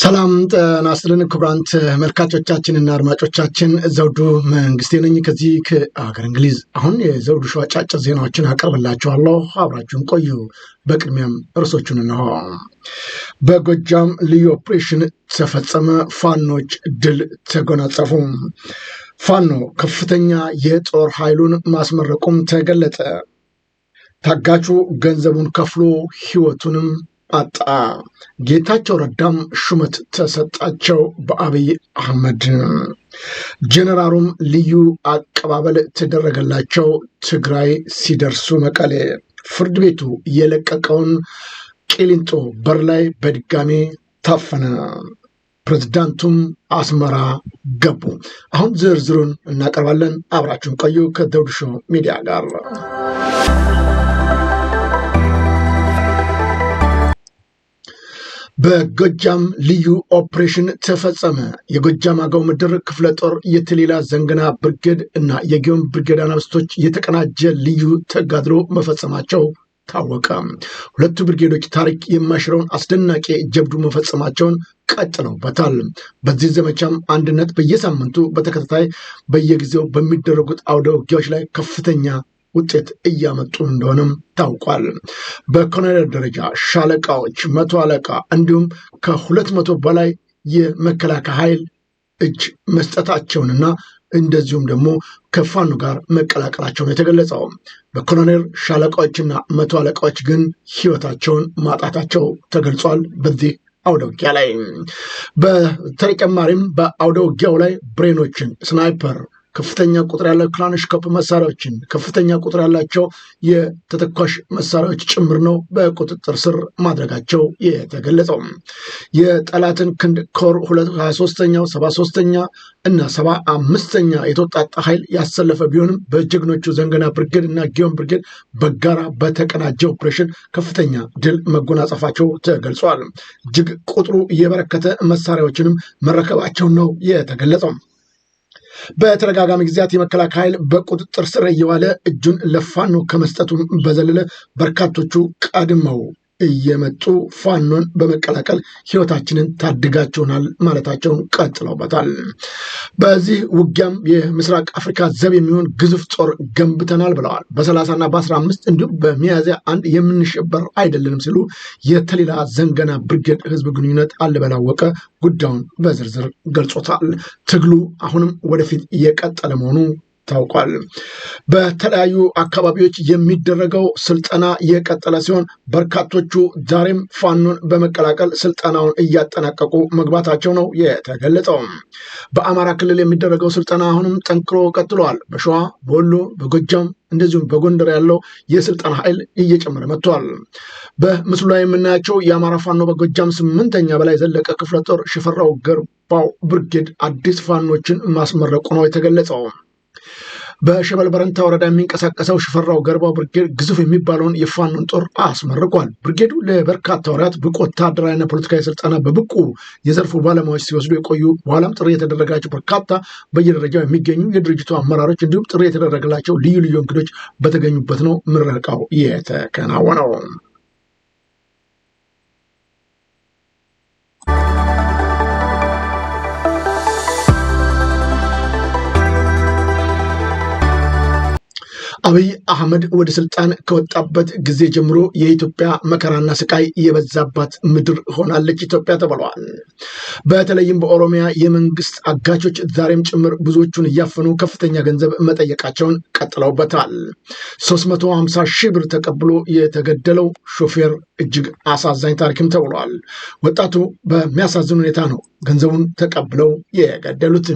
ሰላም ጤና ይስጥልን ክቡራን ተመልካቾቻችንና አድማጮቻችን ዘውዱ መንግስቴ ነኝ ከዚህ ከሀገር እንግሊዝ። አሁን የዘውዱ ሾው አጫጭር ዜናዎችን አቀርብላችኋለሁ፣ አብራችሁን ቆዩ። በቅድሚያም እርሶቹን እንሆ። በጎጃም ልዩ ኦፕሬሽን ተፈጸመ፣ ፋኖች ድል ተጎናጸፉ። ፋኖ ከፍተኛ የጦር ኃይሉን ማስመረቁም ተገለጠ። ታጋቹ ገንዘቡን ከፍሎ ህይወቱንም አጣ። ጌታቸው ረዳም ሹመት ተሰጣቸው በአብይ አህመድ። ጀነራሉም ልዩ አቀባበል ተደረገላቸው ትግራይ ሲደርሱ መቀሌ። ፍርድ ቤቱ የለቀቀውን ቂሊንጦ በር ላይ በድጋሚ ታፈነ። ፕሬዝዳንቱም አስመራ ገቡ። አሁን ዝርዝሩን እናቀርባለን። አብራችሁን ቆዩ ከዘውዱ ሾው ሚዲያ ጋር በጎጃም ልዩ ኦፕሬሽን ተፈጸመ። የጎጃም አገው ምድር ክፍለ ጦር የትሌላ ዘንገና ብርጌድ እና የጊዮን ብርጌድ አናብስቶች የተቀናጀ ልዩ ተጋድሎ መፈጸማቸው ታወቀ። ሁለቱ ብርጌዶች ታሪክ የማይሽረውን አስደናቂ ጀብዱ መፈጸማቸውን ቀጥለውበታል። በዚህ ዘመቻም አንድነት በየሳምንቱ በተከታታይ በየጊዜው በሚደረጉት አውደ ውጊያዎች ላይ ከፍተኛ ውጤት እያመጡ እንደሆነም ታውቋል። በኮሎኔል ደረጃ ሻለቃዎች፣ መቶ አለቃ እንዲሁም ከሁለት መቶ በላይ የመከላከያ ኃይል እጅ መስጠታቸውንና እንደዚሁም ደግሞ ከፋኑ ጋር መቀላቀላቸውን የተገለጸው። በኮሎኔል ሻለቃዎችና መቶ አለቃዎች ግን ህይወታቸውን ማጣታቸው ተገልጿል። በዚህ አውደ ውጊያ ላይ በተጨማሪም በአውደ ውጊያው ላይ ብሬኖችን ስናይፐር ከፍተኛ ቁጥር ያለው ክላሽንኮቭ መሳሪያዎችን፣ ከፍተኛ ቁጥር ያላቸው የተተኳሽ መሳሪያዎች ጭምር ነው በቁጥጥር ስር ማድረጋቸው የተገለጸው። የጠላትን ክንድ ኮር 23ኛው 73ኛ እና ሰባ አምስተኛ የተወጣጣ ኃይል ያሰለፈ ቢሆንም በጀግኖቹ ዘንገና ብርጌድ እና ጊዮን ብርጌድ በጋራ በተቀናጀ ኦፕሬሽን ከፍተኛ ድል መጎናጸፋቸው ተገልጿል። እጅግ ቁጥሩ እየበረከተ መሳሪያዎችንም መረከባቸው ነው የተገለጸው። በተደጋጋሚ ጊዜያት የመከላከያ ኃይል በቁጥጥር ስር እየዋለ እጁን ለፋኖ ከመስጠቱም በዘለለ በርካቶቹ ቀድመው እየመጡ ፋኖን በመቀላቀል ህይወታችንን ታድጋችሁናል ማለታቸውን ቀጥለውበታል። በዚህ ውጊያም የምስራቅ አፍሪካ ዘብ የሚሆን ግዙፍ ጦር ገንብተናል ብለዋል። በሰላሳና በአስራ አምስት እንዲሁም በሚያዚያ አንድ የምንሸበር አይደለንም ሲሉ የተሌላ ዘንገና ብርጌድ ህዝብ ግንኙነት አለበላወቀ ጉዳዩን በዝርዝር ገልጾታል። ትግሉ አሁንም ወደፊት እየቀጠለ መሆኑ ታውቋል። በተለያዩ አካባቢዎች የሚደረገው ስልጠና የቀጠለ ሲሆን በርካቶቹ ዛሬም ፋኖን በመቀላቀል ስልጠናውን እያጠናቀቁ መግባታቸው ነው የተገለጸው። በአማራ ክልል የሚደረገው ስልጠና አሁንም ጠንክሮ ቀጥሏል። በሸዋ፣ በወሎ፣ በጎጃም እንደዚሁም በጎንደር ያለው የስልጠና ኃይል እየጨመረ መጥቷል። በምስሉ ላይ የምናያቸው የአማራ ፋኖ በጎጃም ስምንተኛ በላይ ዘለቀ ክፍለ ጦር ሽፈራው ገርባው ብርጌድ አዲስ ፋኖችን ማስመረቁ ነው የተገለጸው። በሸበልበረንታ ወረዳ የሚንቀሳቀሰው ሽፈራው ገርባው ብርጌድ ግዙፍ የሚባለውን የፋኖን ጦር አስመርቋል። ብርጌዱ ለበርካታ ወራት ብቁ ወታደራዊና ፖለቲካዊ ስልጠና በብቁ የዘርፉ ባለሙያዎች ሲወስዱ የቆዩ በኋላም ጥሪ የተደረጋቸው በርካታ በየደረጃው የሚገኙ የድርጅቱ አመራሮች እንዲሁም ጥሪ የተደረገላቸው ልዩ ልዩ እንግዶች በተገኙበት ነው ምረቃው የተከናወነው። አብይ አህመድ ወደ ስልጣን ከወጣበት ጊዜ ጀምሮ የኢትዮጵያ መከራና ስቃይ የበዛባት ምድር ሆናለች ኢትዮጵያ ተብለዋል። በተለይም በኦሮሚያ የመንግስት አጋቾች ዛሬም ጭምር ብዙዎቹን እያፈኑ ከፍተኛ ገንዘብ መጠየቃቸውን ቀጥለውበታል። 350 ሺህ ብር ተቀብሎ የተገደለው ሾፌር እጅግ አሳዛኝ ታሪክም ተብሏል። ወጣቱ በሚያሳዝን ሁኔታ ነው ገንዘቡን ተቀብለው የገደሉት።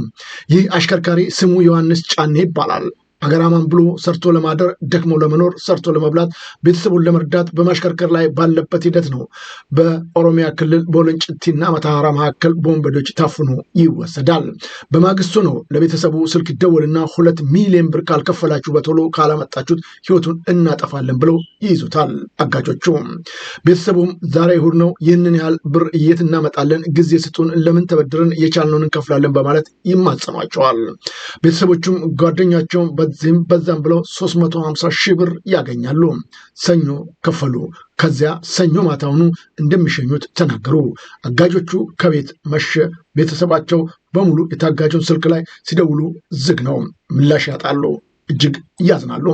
ይህ አሽከርካሪ ስሙ ዮሐንስ ጫኔ ይባላል። አገራማን ብሎ ሰርቶ ለማደር ደክሞ ለመኖር ሰርቶ ለመብላት ቤተሰቡን ለመርዳት በማሽከርከር ላይ ባለበት ሂደት ነው በኦሮሚያ ክልል በወለንጭቲና መታራ መካከል በወንበዶች ታፍኖ ይወሰዳል። በማግስቱ ነው ለቤተሰቡ ስልክ ይደወልና ሁለት ሚሊዮን ብር ካልከፈላችሁ በቶሎ ካላመጣችሁት ህይወቱን እናጠፋለን ብለው ይይዙታል አጋጆቹ። ቤተሰቡም ዛሬ እሁድ ነው፣ ይህንን ያህል ብር የት እናመጣለን? ጊዜ ስጡን፣ ለምን ተበድረን የቻልነውን እንከፍላለን በማለት ይማጸኗቸዋል። ቤተሰቦቹም ጓደኛቸውን በዚህም በዛም ብለው 350 ሺህ ብር ያገኛሉ። ሰኞ ከፈሉ። ከዚያ ሰኞ ማታውኑ እንደሚሸኙት ተናገሩ። አጋጆቹ ከቤት መሸ። ቤተሰባቸው በሙሉ የታጋጁን ስልክ ላይ ሲደውሉ ዝግ ነው። ምላሽ ያጣሉ። እጅግ ያዝናሉ።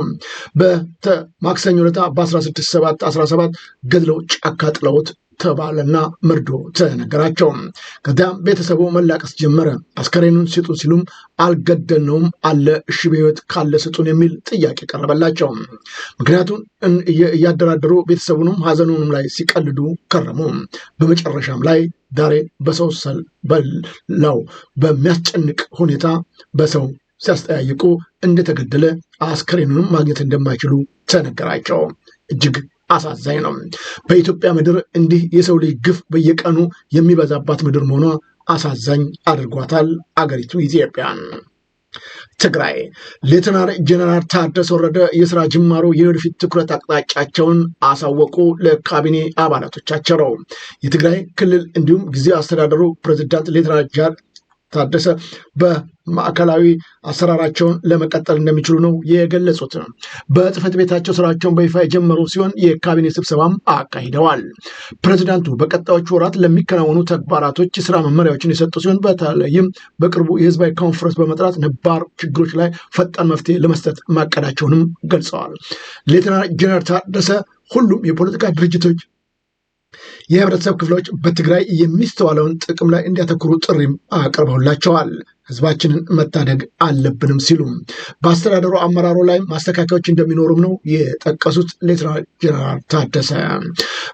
በማክሰኞ ለታ በ16 7 17 ገድለው ጫካ ጥለውት ተባለና መርዶ ተነገራቸው። ከዚያም ቤተሰቡ መላቀስ ጀመረ። አስከሬኑን ስጡ ሲሉም አልገደልነውም አለ። እሺ በህይወት ካለ ስጡን የሚል ጥያቄ ቀረበላቸው። ምክንያቱም እያደራደሩ ቤተሰቡንም ሀዘኑንም ላይ ሲቀልዱ ከረሙ። በመጨረሻም ላይ ዳሬ በሰው ሰል በላው በሚያስጨንቅ ሁኔታ በሰው ሲያስጠያይቁ እንደተገደለ አስከሬኑንም ማግኘት እንደማይችሉ ተነገራቸው። እጅግ አሳዛኝ ነው። በኢትዮጵያ ምድር እንዲህ የሰው ልጅ ግፍ በየቀኑ የሚበዛባት ምድር መሆኗ አሳዛኝ አድርጓታል አገሪቱ ኢትዮጵያን። ትግራይ ሌተናር ጀነራል ታደሰ ወረደ የስራ ጅማሮ የወደፊት ትኩረት አቅጣጫቸውን አሳወቁ ለካቢኔ አባላቶቻቸው። የትግራይ ክልል እንዲሁም ጊዜ አስተዳደሩ ፕሬዚዳንት ሌተናል ታደሰ በማዕከላዊ አሰራራቸውን ለመቀጠል እንደሚችሉ ነው የገለጹት። በጽህፈት ቤታቸው ስራቸውን በይፋ የጀመሩ ሲሆን የካቢኔ ስብሰባም አካሂደዋል። ፕሬዚዳንቱ በቀጣዮቹ ወራት ለሚከናወኑ ተግባራቶች ስራ መመሪያዎችን የሰጡ ሲሆን በተለይም በቅርቡ የህዝባዊ ኮንፈረንስ በመጥራት ነባር ችግሮች ላይ ፈጣን መፍትሄ ለመስጠት ማቀዳቸውንም ገልጸዋል። ሌተና ጀነራል ታደሰ ሁሉም የፖለቲካ ድርጅቶች የህብረተሰብ ክፍሎች በትግራይ የሚስተዋለውን ጥቅም ላይ እንዲያተኩሩ ጥሪም አቅርበውላቸዋል። ህዝባችንን መታደግ አለብንም ሲሉ በአስተዳደሩ አመራሩ ላይ ማስተካከያዎች እንደሚኖሩም ነው የጠቀሱት። ሌተና ጀነራል ታደሰ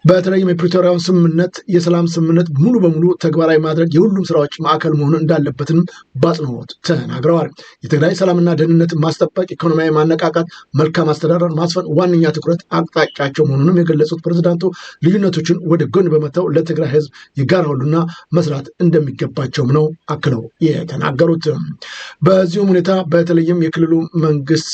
በተለይም የፕሪቶሪያውን ስምምነት የሰላም ስምምነት ሙሉ በሙሉ ተግባራዊ ማድረግ የሁሉም ስራዎች ማዕከል መሆኑ እንዳለበትም በአጽንኦት ተናግረዋል። የትግራይ ሰላምና ደህንነት ማስጠበቅ፣ ኢኮኖሚያዊ ማነቃቃት፣ መልካም አስተዳደር ማስፈን ዋነኛ ትኩረት አቅጣጫቸው መሆኑንም የገለጹት ፕሬዚዳንቱ ልዩነቶችን ወደ ጎን በመተው ለትግራይ ህዝብ የጋራ መስራት እንደሚገባቸውም ነው አክለው የተናገሩ የተናገሩት። በዚሁም ሁኔታ በተለይም የክልሉ መንግስት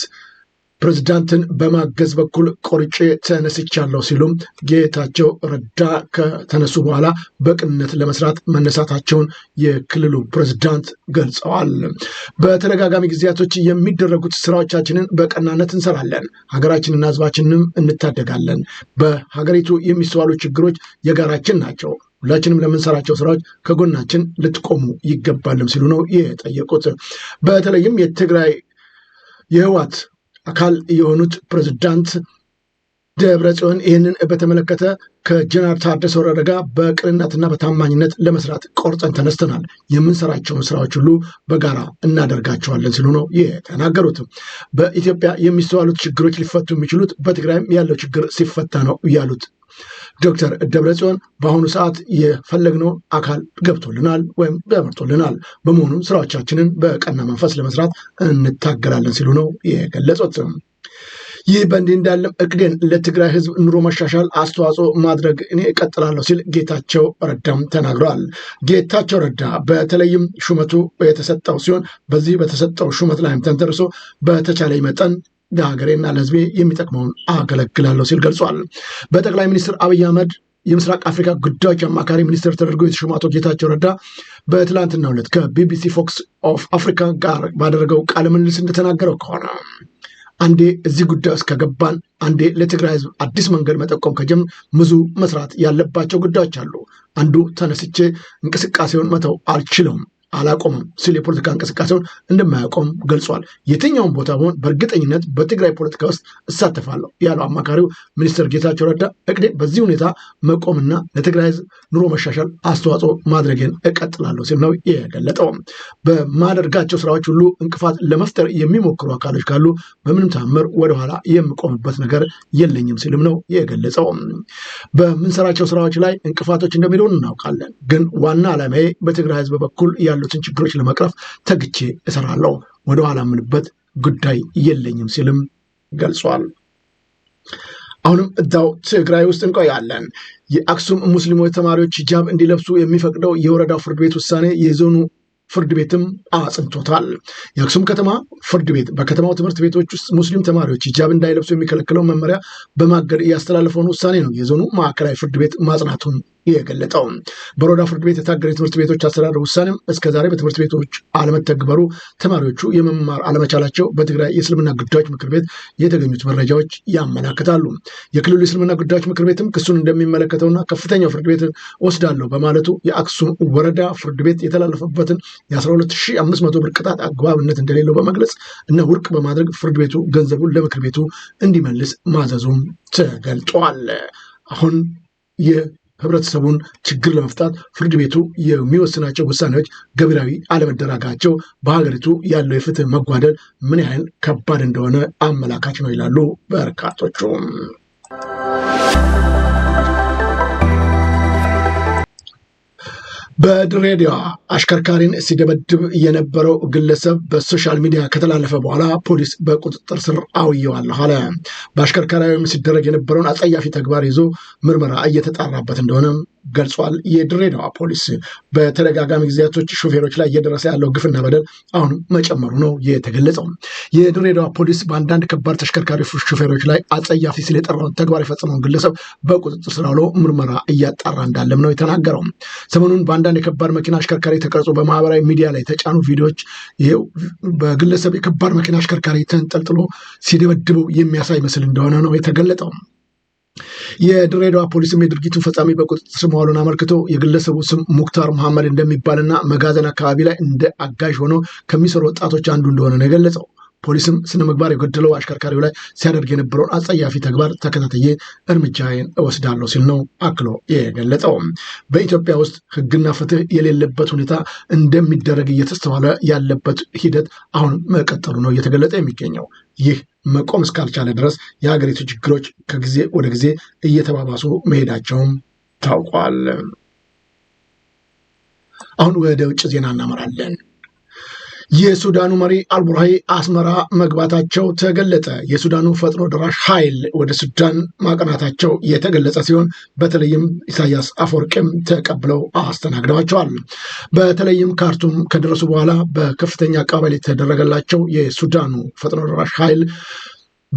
ፕሬዚዳንትን በማገዝ በኩል ቆርጬ ተነስቻለሁ ሲሉም ጌታቸው ረዳ ከተነሱ በኋላ በቅንነት ለመስራት መነሳታቸውን የክልሉ ፕሬዚዳንት ገልጸዋል። በተደጋጋሚ ጊዜያቶች የሚደረጉት ስራዎቻችንን በቀናነት እንሰራለን፣ ሀገራችንና ህዝባችንንም እንታደጋለን። በሀገሪቱ የሚስተዋሉ ችግሮች የጋራችን ናቸው። ሁላችንም ለምንሰራቸው ስራዎች ከጎናችን ልትቆሙ ይገባልም ሲሉ ነው የጠየቁት። በተለይም የትግራይ የህዋት አካል የሆኑት ፕሬዝዳንት ደብረ ጽዮን ይህንን በተመለከተ ከጀነራል ታደሰ ወረደ ጋር በቅንነትና በታማኝነት ለመስራት ቆርጠን ተነስተናል። የምንሰራቸውን ስራዎች ሁሉ በጋራ እናደርጋቸዋለን ሲሉ ነው የተናገሩት። በኢትዮጵያ የሚስተዋሉት ችግሮች ሊፈቱ የሚችሉት በትግራይም ያለው ችግር ሲፈታ ነው ያሉት ዶክተር ደብረጽዮን በአሁኑ ሰዓት የፈለግነው አካል ገብቶልናል ወይም ገብቶልናል፣ በመሆኑም ስራዎቻችንን በቀና መንፈስ ለመስራት እንታገላለን ሲሉ ነው የገለጹት። ይህ በእንዲህ እንዳለም እቅዴን ለትግራይ ህዝብ ኑሮ መሻሻል አስተዋጽኦ ማድረግ እኔ እቀጥላለሁ ሲል ጌታቸው ረዳም ተናግረዋል። ጌታቸው ረዳ በተለይም ሹመቱ የተሰጠው ሲሆን በዚህ በተሰጠው ሹመት ላይም ተንተርሶ በተቻለ መጠን ለሀገሬና ለህዝቤ የሚጠቅመውን አገለግላለሁ ሲል ገልጿል። በጠቅላይ ሚኒስትር አብይ አህመድ የምስራቅ አፍሪካ ጉዳዮች አማካሪ ሚኒስትር ተደርገው የተሸማቶ ጌታቸው ረዳ በትላንትናው ዕለት ከቢቢሲ ፎክስ ኦፍ አፍሪካ ጋር ባደረገው ቃለ ምልልስ እንደተናገረው ከሆነ አንዴ እዚህ ጉዳይ ውስጥ ከገባን አንዴ ለትግራይ ህዝብ አዲስ መንገድ መጠቆም ከጀም ብዙ መስራት ያለባቸው ጉዳዮች አሉ። አንዱ ተነስቼ እንቅስቃሴውን መተው አልችለውም። አላቆምም ሲል የፖለቲካ እንቅስቃሴውን እንደማያቆም ገልጿል። የትኛውን ቦታ በሆን በእርግጠኝነት በትግራይ ፖለቲካ ውስጥ እሳተፋለሁ ያለው አማካሪው ሚኒስትር ጌታቸው ረዳ እቅዴ በዚህ ሁኔታ መቆምና ለትግራይ ህዝብ ኑሮ መሻሻል አስተዋጽኦ ማድረግን እቀጥላለሁ ሲል ነው የገለጠው። በማደርጋቸው ስራዎች ሁሉ እንቅፋት ለመፍጠር የሚሞክሩ አካሎች ካሉ በምንም ታምር ወደኋላ የምቆምበት ነገር የለኝም ሲልም ነው የገለጸው። በምንሰራቸው ስራዎች ላይ እንቅፋቶች እንደሚሆኑ እናውቃለን፣ ግን ዋና ዓላማዬ በትግራይ ህዝብ በኩል ያሉ ያሉትን ችግሮች ለመቅረፍ ተግቼ እሰራለሁ፣ ወደኋላ ምንበት ጉዳይ የለኝም ሲልም ገልጿል። አሁንም እዛው ትግራይ ውስጥ እንቆያለን። የአክሱም ሙስሊሞች ተማሪዎች ሂጃብ እንዲለብሱ የሚፈቅደው የወረዳው ፍርድ ቤት ውሳኔ የዞኑ ፍርድ ቤትም አጽንቶታል። የአክሱም ከተማ ፍርድ ቤት በከተማው ትምህርት ቤቶች ውስጥ ሙስሊም ተማሪዎች ሂጃብ እንዳይለብሱ የሚከለክለው መመሪያ በማገድ እያስተላለፈውን ውሳኔ ነው የዞኑ ማዕከላዊ ፍርድ ቤት ማጽናቱን የገለጠው። በሮዳ ፍርድ ቤት የታገደ ትምህርት ቤቶች አስተዳደር ውሳኔም እስከዛሬ በትምህርት ቤቶች አለመተግበሩ፣ ተማሪዎቹ የመማር አለመቻላቸው በትግራይ የእስልምና ጉዳዮች ምክር ቤት የተገኙት መረጃዎች ያመላክታሉ። የክልሉ የእስልምና ጉዳዮች ምክር ቤትም ክሱን እንደሚመለከተውና ከፍተኛው ፍርድ ቤት ወስዳለሁ በማለቱ የአክሱም ወረዳ ፍርድ ቤት የተላለፈበትን የ12500 ብር ቅጣት አግባብነት እንደሌለው በመግለጽ እነ ውድቅ በማድረግ ፍርድ ቤቱ ገንዘቡን ለምክር ቤቱ እንዲመልስ ማዘዙም ተገልጧል። አሁን ህብረተሰቡን ችግር ለመፍታት ፍርድ ቤቱ የሚወስናቸው ውሳኔዎች ገቢራዊ አለመደረጋቸው በሀገሪቱ ያለው የፍትህ መጓደል ምን ያህል ከባድ እንደሆነ አመላካች ነው ይላሉ በርካቶቹም። በድሬዳዋ አሽከርካሪን ሲደበድብ የነበረው ግለሰብ በሶሻል ሚዲያ ከተላለፈ በኋላ ፖሊስ በቁጥጥር ስር አውየዋለሁ አለ። በአሽከርካሪውም ሲደረግ የነበረውን አጸያፊ ተግባር ይዞ ምርመራ እየተጣራበት እንደሆነ ገልጿል። የድሬዳዋ ፖሊስ በተደጋጋሚ ጊዜያቶች ሾፌሮች ላይ እየደረሰ ያለው ግፍና በደል አሁን መጨመሩ ነው የተገለጸው። የድሬዳዋ ፖሊስ በአንዳንድ ከባድ ተሽከርካሪ ሾፌሮች ላይ አጸያፊ ሲል የጠራውን ተግባር የፈጸመውን ግለሰብ በቁጥጥር ስር ውሎ ምርመራ እያጣራ እንዳለም ነው የተናገረው። ሰሞኑን በአንዳንድ የከባድ መኪና አሽከርካሪ ተቀርጾ በማህበራዊ ሚዲያ ላይ የተጫኑ ቪዲዮዎች ይኸው በግለሰብ የከባድ መኪና አሽከርካሪ ተንጠልጥሎ ሲደበድበው የሚያሳይ ምስል እንደሆነ ነው የተገለጠው። የድሬዳዋ ፖሊስም የድርጊቱን ፈጻሚ በቁጥጥር ስር መዋሉን አመልክቶ የግለሰቡ ስም ሙክታር መሐመድ እንደሚባልና መጋዘን አካባቢ ላይ እንደ አጋዥ ሆኖ ከሚሰሩ ወጣቶች አንዱ እንደሆነ ነው የገለጸው። ፖሊስም ስነ ምግባር የጎደለው አሽከርካሪው ላይ ሲያደርግ የነበረውን አጸያፊ ተግባር ተከታተዬ እርምጃዬን እወስዳለሁ ሲል ነው አክሎ የገለጸው። በኢትዮጵያ ውስጥ ሕግና ፍትህ የሌለበት ሁኔታ እንደሚደረግ እየተስተዋለ ያለበት ሂደት አሁን መቀጠሉ ነው እየተገለጸ የሚገኘው ይህ መቆም እስካልቻለ ድረስ የሀገሪቱ ችግሮች ከጊዜ ወደ ጊዜ እየተባባሱ መሄዳቸውም ታውቋል። አሁን ወደ ውጭ ዜና እናመራለን። የሱዳኑ መሪ አልቡርሃይ አስመራ መግባታቸው ተገለጠ። የሱዳኑ ፈጥኖ ደራሽ ኃይል ወደ ሱዳን ማቅናታቸው የተገለጸ ሲሆን በተለይም ኢሳያስ አፈወርቅም ተቀብለው አስተናግደዋቸዋል። በተለይም ካርቱም ከደረሱ በኋላ በከፍተኛ አቀባበል የተደረገላቸው የሱዳኑ ፈጥኖ ደራሽ ኃይል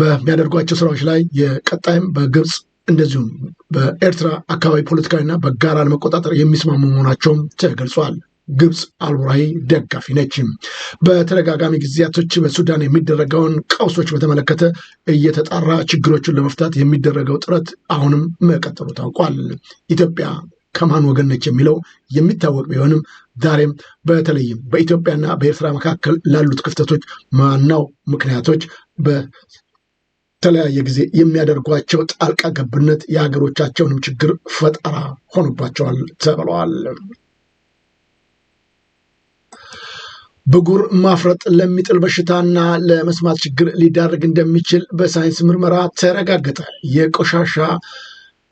በሚያደርጓቸው ስራዎች ላይ የቀጣይም በግብፅ እንደዚሁም በኤርትራ አካባቢ ፖለቲካዊና በጋራ ለመቆጣጠር የሚስማሙ መሆናቸውም ተገልጿል። ግብፅ አልቡራሂ ደጋፊ ነች። በተደጋጋሚ ጊዜያቶች በሱዳን የሚደረገውን ቀውሶች በተመለከተ እየተጣራ ችግሮችን ለመፍታት የሚደረገው ጥረት አሁንም መቀጠሉ ታውቋል። ኢትዮጵያ ከማን ወገን ነች የሚለው የሚታወቅ ቢሆንም ዛሬም በተለይም በኢትዮጵያና በኤርትራ መካከል ላሉት ክፍተቶች ማናው ምክንያቶች በተለያየ ጊዜ የሚያደርጓቸው ጣልቃ ገብነት የሀገሮቻቸውንም ችግር ፈጠራ ሆኖባቸዋል ተብለዋል። ብጉር ማፍረጥ ለሚጥል በሽታና ለመስማት ችግር ሊዳርግ እንደሚችል በሳይንስ ምርመራ ተረጋገጠ። የቆሻሻ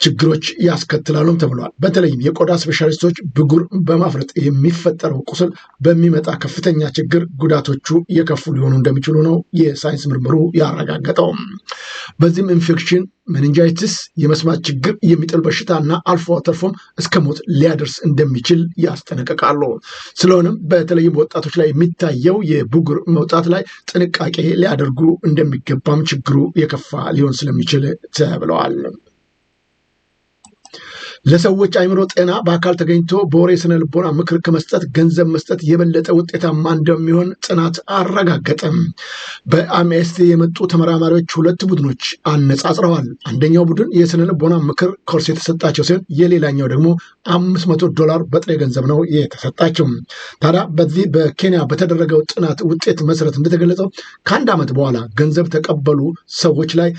ችግሮች ያስከትላሉም ተብሏል። በተለይም የቆዳ ስፔሻሊስቶች ብጉር በማፍረጥ የሚፈጠረው ቁስል በሚመጣ ከፍተኛ ችግር ጉዳቶቹ የከፉ ሊሆኑ እንደሚችሉ ነው የሳይንስ ምርምሩ ያረጋገጠው። በዚህም ኢንፌክሽን፣ መንንጃይትስ፣ የመስማት ችግር፣ የሚጥል በሽታ እና አልፎ ተርፎም እስከ ሞት ሊያደርስ እንደሚችል ያስጠነቅቃሉ። ስለሆነም በተለይም ወጣቶች ላይ የሚታየው የብጉር መውጣት ላይ ጥንቃቄ ሊያደርጉ እንደሚገባም ችግሩ የከፋ ሊሆን ስለሚችል ተብለዋል። ለሰዎች አይምሮ ጤና በአካል ተገኝቶ በወሬ ስነ ልቦና ምክር ከመስጠት ገንዘብ መስጠት የበለጠ ውጤታማ እንደሚሆን ጥናት አረጋገጠም። በአምኤስቲ የመጡ ተመራማሪዎች ሁለት ቡድኖች አነጻጽረዋል። አንደኛው ቡድን የስነ ልቦና ምክር ኮርስ የተሰጣቸው ሲሆን የሌላኛው ደግሞ አምስት መቶ ዶላር በጥሬ ገንዘብ ነው የተሰጣቸው። ታዲያ በዚህ በኬንያ በተደረገው ጥናት ውጤት መሰረት እንደተገለጸው ከአንድ ዓመት በኋላ ገንዘብ ተቀበሉ ሰዎች ላይ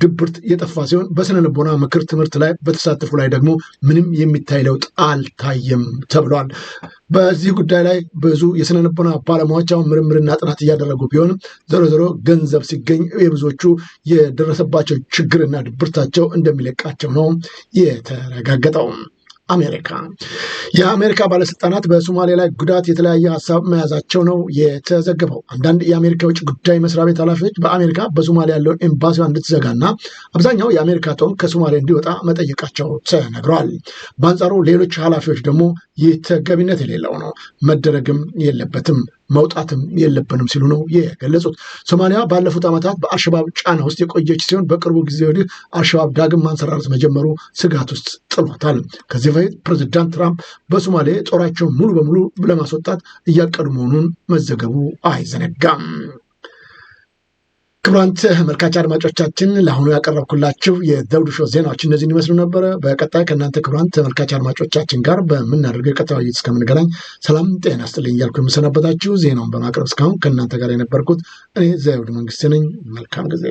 ድብርት የጠፋ ሲሆን በስነ ልቦና ምክር ትምህርት ላይ በተሳተፉ ላይ ደግሞ ምንም የሚታይ ለውጥ አልታየም ተብሏል። በዚህ ጉዳይ ላይ ብዙ የስነ ልቦና ባለሙያዎች አሁን ምርምርና ጥናት እያደረጉ ቢሆንም ዞሮ ዞሮ ገንዘብ ሲገኝ የብዙዎቹ የደረሰባቸው ችግርና ድብርታቸው እንደሚለቃቸው ነው የተረጋገጠው። አሜሪካ የአሜሪካ ባለስልጣናት በሶማሌ ላይ ጉዳት የተለያየ ሀሳብ መያዛቸው ነው የተዘገበው። አንዳንድ የአሜሪካ የውጭ ጉዳይ መስሪያ ቤት ኃላፊዎች በአሜሪካ በሶማሊያ ያለውን ኤምባሲዋ እንድትዘጋና አብዛኛው የአሜሪካ ጦር ከሶማሌ እንዲወጣ መጠየቃቸው ተነግረዋል። በአንጻሩ ሌሎች ኃላፊዎች ደግሞ ይህ ተገቢነት የሌለው ነው፣ መደረግም የለበትም መውጣትም የለብንም ሲሉ ነው የገለጹት። ሶማሊያ ባለፉት ዓመታት በአልሸባብ ጫና ውስጥ የቆየች ሲሆን በቅርቡ ጊዜ ወዲህ አልሸባብ ዳግም ማንሰራረት መጀመሩ ስጋት ውስጥ ጥሏታል። ከዚህ በፊት ፕሬዚዳንት ትራምፕ በሶማሌ ጦራቸውን ሙሉ በሙሉ ለማስወጣት እያቀዱ መሆኑን መዘገቡ አይዘነጋም። ክቡራን ተመልካች አድማጮቻችን ለአሁኑ ያቀረብኩላችሁ የዘውዱ ሾው ዜናዎች እነዚህን ይመስሉ ነበረ። በቀጣይ ከእናንተ ክቡራን ተመልካች አድማጮቻችን ጋር በምናደርገው የቀጥታ ውይይት እስከምንገናኝ ሰላም ጤና ስጥልኝ እያልኩ የምሰናበታችሁ ዜናውን በማቅረብ እስካሁን ከእናንተ ጋር የነበርኩት እኔ ዘውዱ መንግስት ነኝ። መልካም ጊዜ